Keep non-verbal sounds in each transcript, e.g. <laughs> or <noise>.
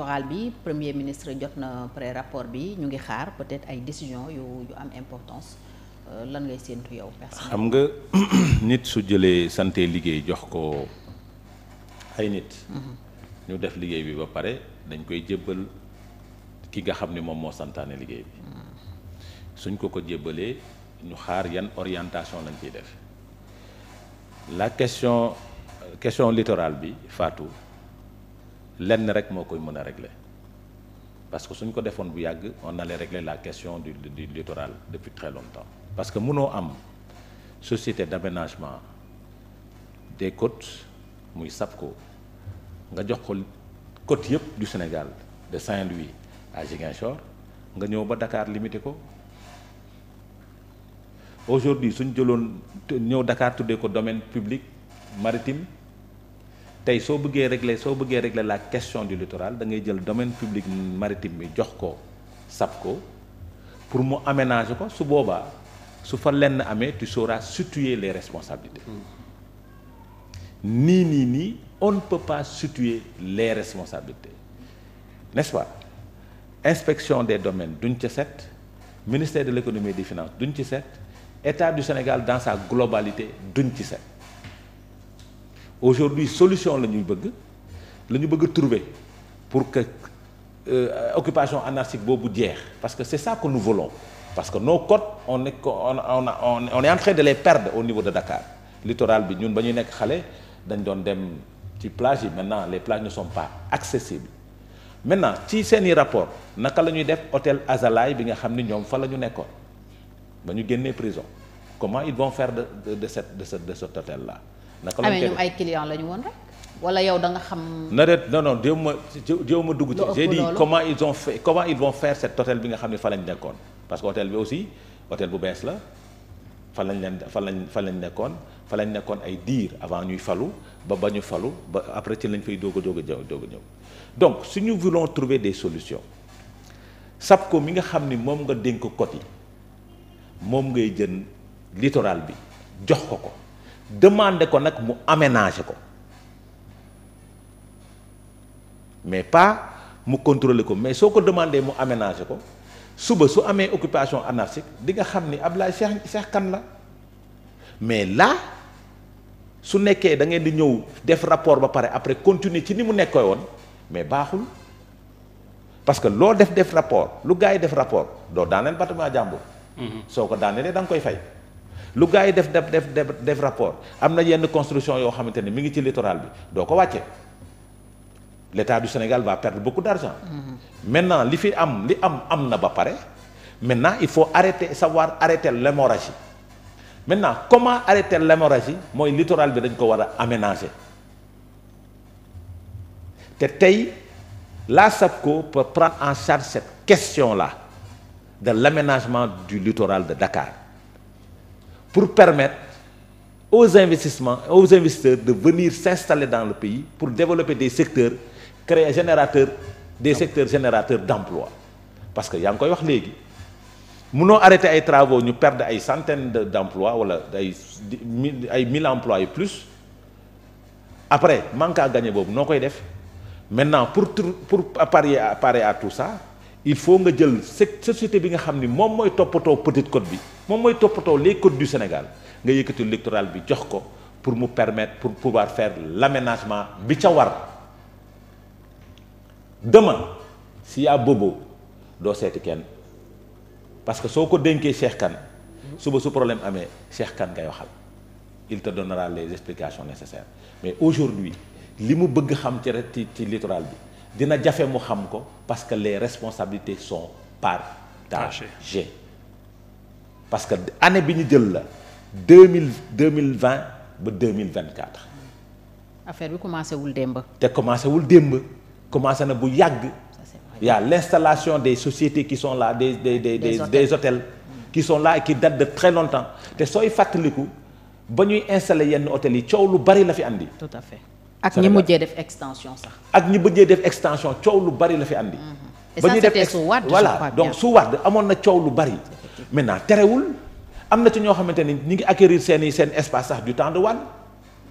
littoral bi premier ministre jot na pré rapport bi ñu ngi xaar peut-être ay décision yu yu am importance euh, lan ngay séentu yow. xam nga <clears throat> nit su jëlee santé liggéey jox ko ay nit. Mhm. ñu def liggéey bi ba pare dañ koy jébbal ki nga xam ne moom moo santaane liggéey bi. Mhm. suñ ko ko jëbbalee ñu xaar yan orientation lañ ciy def la question question littorale bi Fatou. lenn rek moo koy mën a régler parce que suñ ko defoon bu yàgg on allait régler la question du du littoral depuis très longtemps parce que mënoo am société d'aménagement des côtes muy sab ko nga jox ko côte yëpp du Sénégal de Saint-Louis à Ziguinchor nga ñëw ba Dakar limité ko aujourd'hui suñ jëloon ñëw Dakar tuddee ko domaine public maritime tey soo bëggee régler soo bëggee régler la question du littoral da ngay jël domaine public maritime bi jox ko ko pour mu aménager ko su boobaa su fa lenn amee tu sauras situer les responsabilités nii nii nii on ne peut pas situer les responsabilités n'est-ce pas inspection des domaines duñ ca set ministère de l'économie et des finances duñ ci set état du Sénégal dans sa globalité duñ ci set aujourd'hui solution la ñuy bëgg la ñu bëgg trouver pour que euh, occupation anarchique boobu jeex parce que c'est ça que nous voulons parce que nos côtes on est on on on de les perdre au niveau de Dakar littoral bi ñun ba ñuy nekk xale dañ doon dem ci plage yi maintenant les plages ne sont pas accessibles maintenant ci seeni rapport naka la ñuy def hôtel Azalaï bi nga xam ni ñoom fa la ñu nekkoon ba ñu génnee prison comment ils vont faire de de de cette de cet de cet hôtel naka lañ koy ay client la ñu woon rek. wala yow da nga xam. na de non non jéem ma jéem ma dugg ci. j'ai dit comment ils ont fait comment ils vont faire cet hôtel bi nga xam ne fa lañ nekkoon. parce que hôtel bi aussi hôtel bu bees la fa lañ leen fa lañ fa lañ nekkoon fa lañ nekkoon ay diir avant ñuy falu ba ba ñu falu ba après ci lañ fay doog a doog a doog a ñëw donc si ñu voulons trouver des solutions SAPCO mi nga xam ni moom nga dénk côte yi moom ngay jën littoral bi jox ko ko. demandé ko nag mu aménager ko mais pas mu contrôler ko mais soo ko demandé mu aménager ko suba su amee occupation anarchique di nga xam ni Ablaye Cheikh seex kan la mais là su nekkee da ngeen di ñëw def rapport ba pare après continuer ci ni mu nekkee woon mais baaxul parce que loo def def rapport lu gaa yi def rapport doo daaneel bâtiment jàmbur. Mhm. soo ko daanelee da nga koy fay. lu gars yi def def def def rapport am na yenn construction yoo xamante ne mu ngi ci littoral bi doo ko wàcce l'État du Sénégal va perdre beaucoup d'argent mmh. maintenant li fi am li am am na ba pare maintenant il faut arrêter savoir arrêter l'hémorragie maintenant comment arrêter l'hémorragie mooy littoral bi dañ ko war a aménager te tey la SAPCO peut prendre en charge cette question la de l'aménagement du littoral de Dakar pour permettre aux investissements aux investisseurs de venir s'installer dans le pays pour développer des secteurs créer générateurs des secteurs générateurs d'emplois parce que yaa ngi koy wax léegi munoo arrêter ay travaux ñu perdre ay centaines d'emplois wala ay ay mille emplois et plus après manque à gagner boobu noo koy def maintenant pour pour parier à parer à tout ça il faut nga jël société bi nga xam ni moom mooy toppatoo petite code bi moom mooy toppatoo les côtes du Sénégal nga yëkkati littoral bi jox ko pour mu permettre pour pouvoir faire l'aménagement bi ca war demain si yaa bobo doo seeti kenn parce que soo ko dénkee Cheikh Kane suba su problème amee Cheikh Kane ngay waxal il te donnera les explications nécessaires mais aujourd'hui li mu bëgg xam ci ci ci littoral bi dina jafe mu xam ko parce que les responsabilités son sont partagées parce que année bi ñu jël la deux mille deux mille vingt ba deux mille vingt quatre. affaire bi commencé wul démb. te commencé wul démb commencé na bu yàgg. il y a l'installation des sociétés qui sont là des des des des, des, des hôtels qui sont là et qui datent très longtemps te sooy fàttaliku ba ñuy installer yenn hôtels yi coow lu bari la fi indi tout à fait. ak ñi mujjee def extension ak ñi mujjee def extension coow lu bari la fi andi. Mhm. ba ñuy def su Wade donc su Wade amoon na coow lu bari. maintenant terewul am na ci ñoo xamante ni ñu ngi acquérir seen i seen espace sax du temps de Wade.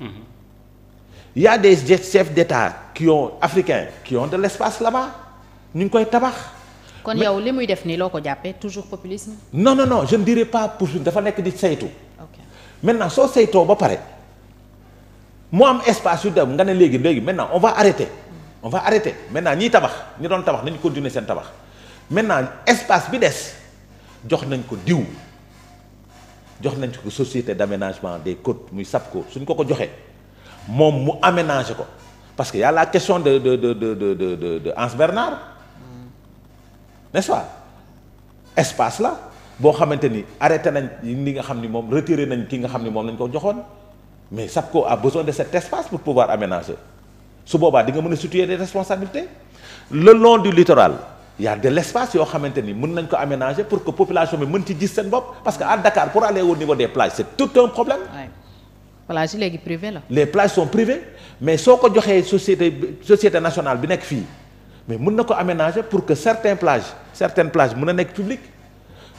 Mhm. y a des chefs d'État qui ont africain qui ont de l'espace là-bas ñu ngi koy tabax. kon yow li muy def nii loo ko jàppee toujours populisme. non no non je ne dirais pas pour dafa nekk di saytu. ok maintenant soo saytoo ba pare. mu am espace yu dem nga ne léegi léegi maintenant on va arrêter on va arrêter maintenant ñiy tabax ñi doon tabax nañ continuer seen tabax maintenant espace bi des jox nañ ko diw jox nañ ko société d'aménagement des côtes muy ko suñ ko ko joxee moom mu aménager ko parce que y la question de de de de de de de de Anse Bernard nest pas espace la boo xamante ni arrêté nañ li nga xam ni moom retiré nañ ki nga xam ni moom lañ ko joxoon. mais SAPCO a besoin de cet espace pour pouvoir aménager su boobaa di nga mën a situer des responsabilités le long du littoral il de l'espace yoo xamante ni mën nañ ko aménager pour que population bi mën ci gis seen bopp parce que à Dakar pour aller au niveau des plages c'est tout un problème. Ouais. plage léegi privé la. les plages sont privées mais soo ko joxee société société nationale bi nekk fii mais mun na ko aménager pour que certaines plages certaines plages mën a nekk publiques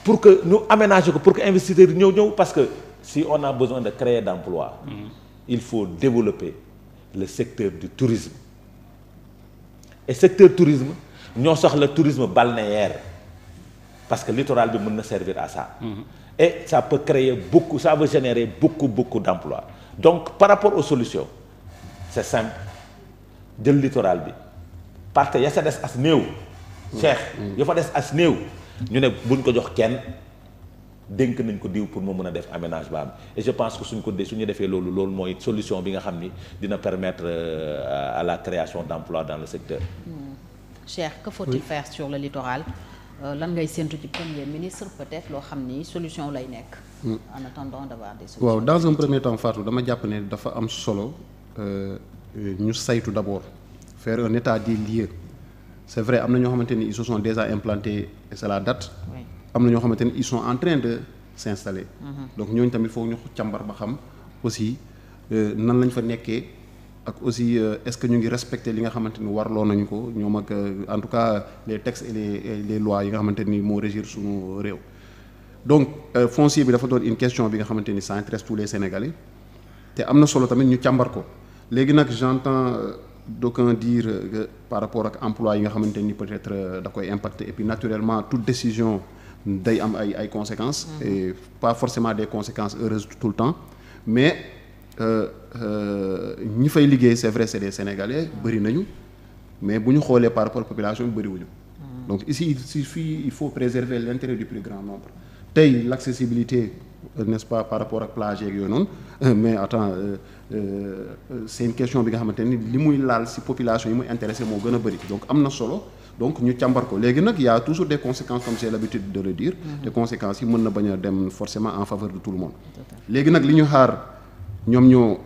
pour que ñu aménager ko pour que investisseurs yi ñëw ñëw parce que. si on a besoin de créer d'emplois mhm. il faut développer le secteur du tourisme et secteur tourisme ñoo soxla tourisme balnéaire parce que littoral bi mun na servir à ça mhm. et ça peut créer beaucoup ça va générer beaucoup beaucoup donc par rapport aux solutions c'est simple jël littoral bi parce que ya sa des as néew mm. Cheikh ya fa des as néew ñu ne buñ ko jox kenn dénk nañ ko diw pour moo mën a def aménagement bi et je pense que suñ ko de suñu defee loolu loolu mooy solution bi nga xam ni dina permettre euh, à la création d'emplois dans le secteur. Hmm. Cheikh que faut-il faire sur le littoral euh, lan ngay séntu ci premier ministre peut-être loo xam ni solution lay nekk. Hmm. en attendant d'avoir des solutions. waaw dans un premier temps Fatou dama jàpp ne dafa am solo euh, ñu saytu d'abord faire un état di lieux c'est vrai am na ñoo xamante ni ils se sont déjà implantés et la date. am na ñoo xamante ne ils sont en train de s'installer mhm. donc ñooñu tamit foog ñu càmbar ba xam aussi euh, nan lañ fa nekkee ak aussi euh, est-ce que ñu ngi respecter li nga xamante ni warloo nañu ko ñoom ak euh, en tout cas les textes et les lois yi nga xamante ni moo régir suñu réew donc foncier bi dafa doon une question bi nga xamante ni ça intéresse tous les Sénégalais te am na solo tamit ñu càmbar ko léegi nag j'entends d'aucuns dire que par rapport ak emploi yi nga xamante ni peut-être da koy impacter et puis naturellement décision day am ay ay conséquences. Mhm. et pas forcément des conséquence heureuses tout le temps mais euh, euh, ñi fay liggéey c'est vrai c'est des Sénégalais bëri nañu mais bu ñu xoolee par rapport population bëriwuñu. Mhm. donc ici il suffit il faut préserver l'intérêt du plus grand nombre tey l'accessibilité euh, n'est-ce pas par rapport ak plage yeeg yooyu noonu <laughs> mais attends euh, euh, c'est une question bi nga xamante ni li muy laal ci population yi mu intéressé moo gën a bëri donc am na solo. donc ñu càmbar ko léegi nag y toujours des conséquences comme j'ai l'habitude de le dire te mm-hmm. conséquences yi mën na bañ a dem forcément en faveur de tout le monde léegi nag li ñu xaar ñoom ñoo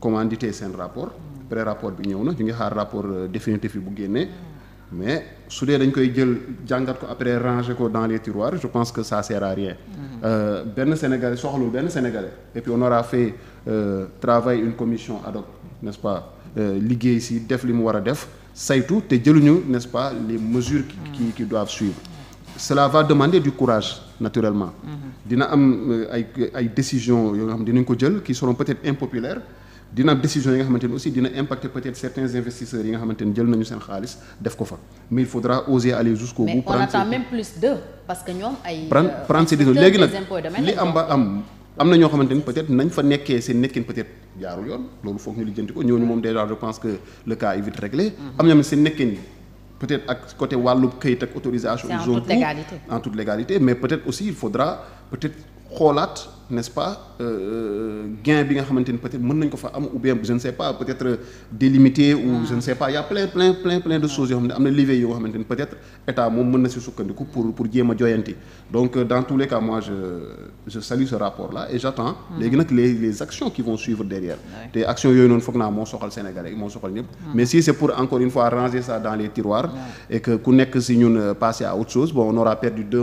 commandité seen rapport mm-hmm. pré rapport bi ñëw na ñu ngi xaar rapport euh, définitif bi bu génnee mm-hmm. mais su dee dañ koy jël jàngat ko après ranger ko dans les tiroirs je pense que ça sert à rien euh, benn sénégalais soxlu benn sénégalais et puis on aura fait euh, une commission ad hoc pas euh, liggéey si def li mu war a def saytu te jëluñu n'est-ce pas les mesures qui qui doivent suivre cela va demander du courage naturellement mm-hmm. dina am euh, ay ay yoo nga xam dinañ ko jël qui seront peut-être impopulaires dina am décision yi nga xamante ne aussi dina impacter peut-être certains investisseurs yi nga xamante ne jël nañu seen xaalis def ko fa mais il faudra oser aller jusqu'au bout mais on attend même que ñoom ay prendre ces euh, léegi nag li am ba am am na ñoo xamante ni peut-être nañ fa nekkee seen nekkin peut-être jaarul yoon loolu foog ñu lijjanti ko ñooñu moom déjà je pense que le cas est réglé. Mm-hmm. am na seen nekkin peut-être ak côté wàllu këyit ak autorisation. ils ont en toute légalité mais peut-être aussi il faudra peut-être xoolaat. n'est-ce pas euh, euh, gain bi nga xamante ni peut-être mën nañ ko fa am ou bien je ne sais pas peut-être délimité ou ah. je ne sais pas il y a plein plein ah. peut-être état moom mën na si sukkandiku pour jéem a joyanti donc euh, dans tous les cas moi je je salue ce rapport là et j'attends hmm. léegi nag les actions qui vont suivre derrière te actions yooyu noonu foog naa moo soxal Sénégalais moo soxal ñëpp hmm. mais si c'est pour encore une fois ranger ça dans les tiroirs et que ku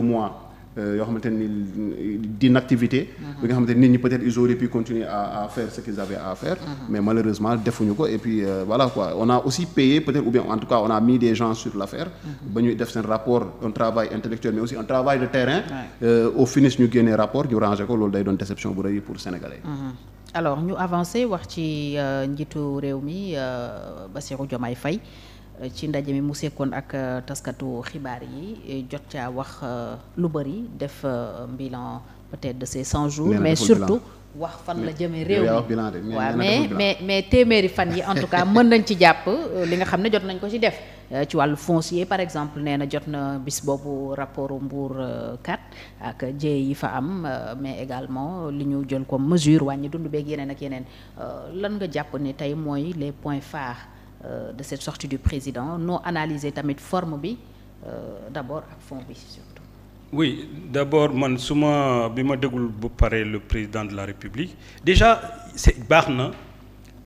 mois Euh, yoo xamante ni d'une activité. bi nga xamante ni nit ñi peut-être ils auraient pu continuer à à faire ce qu'ils avaient à faire. Mm-hmm. mais malheureusement defuñu ko et puis euh, voilà quoi on a aussi payé peut-être ou bien en tout cas on a mis des gens sur l'affaire. Mm-hmm. ba ñuy def seen rapport un travail intellectuel mais aussi un travail de terrain. Euh, au finish ñu génnee rapport ñu rangé ko loolu day doon déception bu rëy pour sénégalais. Mm-hmm. alors ñu avancé wax ci njiitu réew mi Bassirou Diomaye Faye. ci ndaje mi mu sekkoon ak euh, taskatu xibaar yi euh, jot caa wax euh, lu bëri def bilan peut-être de ces cent jours mais surtout wax fan la jëmee réew mi waaw mais mais mais téeméeri fan yi en tout cas mën nañ ci jàpp li nga xam ne jot nañ ko ci def ci wàllu foncier par exemple nee na jot na bis boobu rapport Mbour 4 ak jéey yi fa am mais également li ñu jël comme mesure wàññi dund beeg yeneen ak yeneen lan nga jàpp ni tey mooy les points phares Euh, de cette sortie du président non analyser tamit forme bi euh, d'abord ak fond bi surtout. oui d'abord man su ma bi ma déglu bu paree le président de la république déjà c'est baax na.